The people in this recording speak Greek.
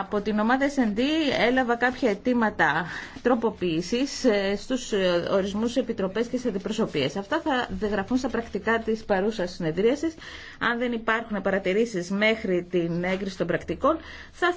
από την ομάδα S&D έλαβα κάποια αιτήματα τροποποίησης ε, στους ε, ορισμούς επιτροπές και σε αντιπροσωπίες. Αυτά θα δεγραφούν στα πρακτικά της παρούσας συνεδρίασης. Αν δεν υπάρχουν παρατηρήσεις μέχρι την έγκριση των πρακτικών, θα